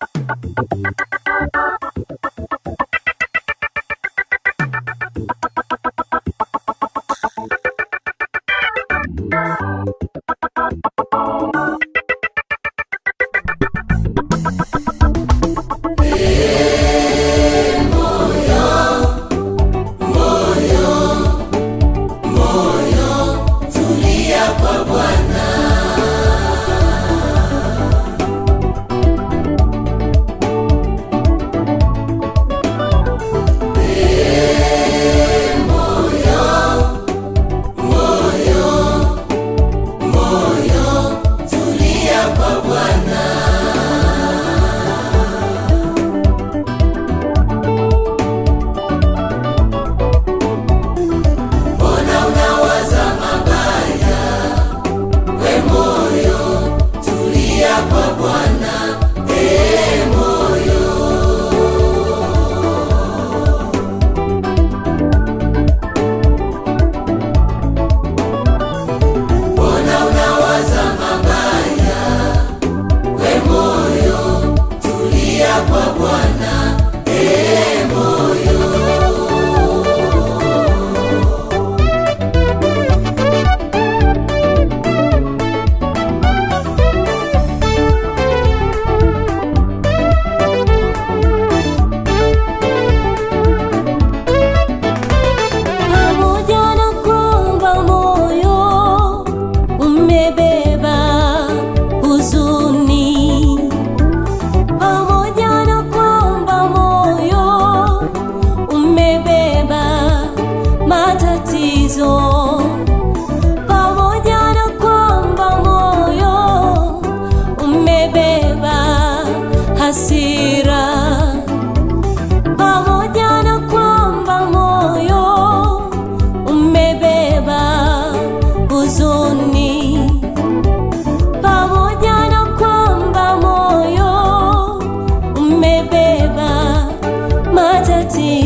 Thank you.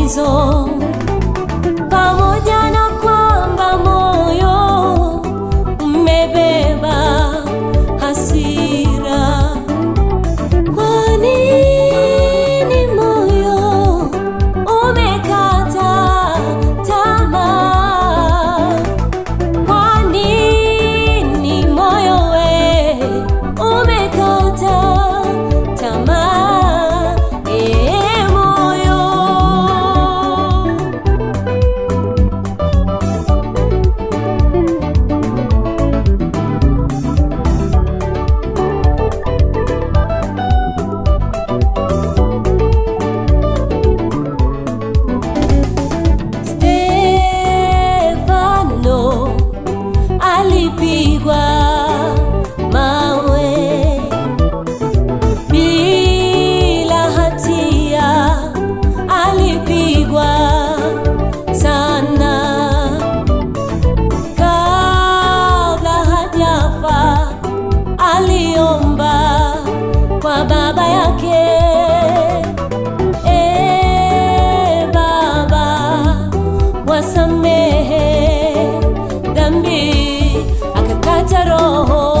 So alipigwa mawe bila hatia, alipigwa sana kabla hajafa, aliomba kwa baba yake e, baba wasamehe dhambi রহ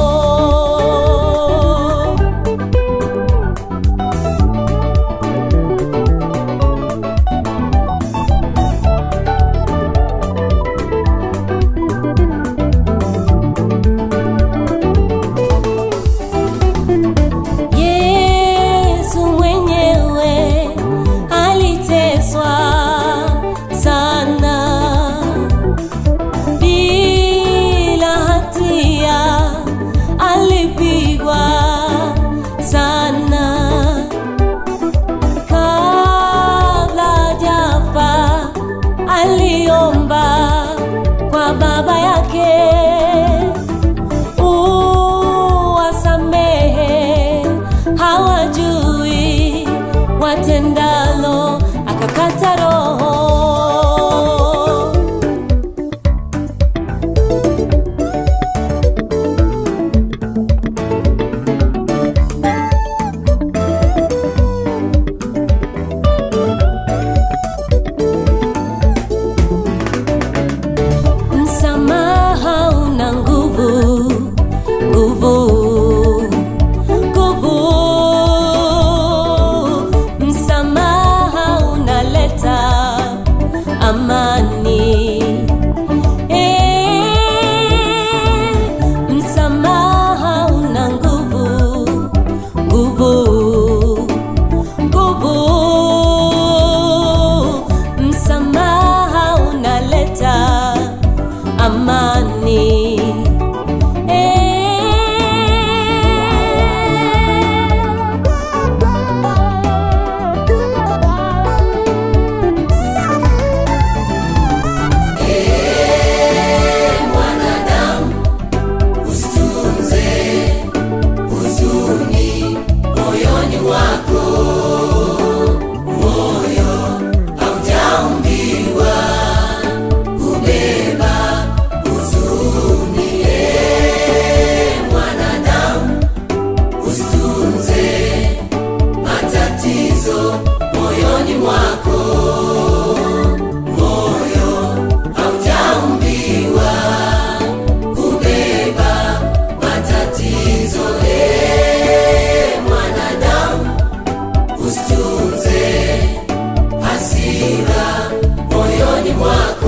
I don't wako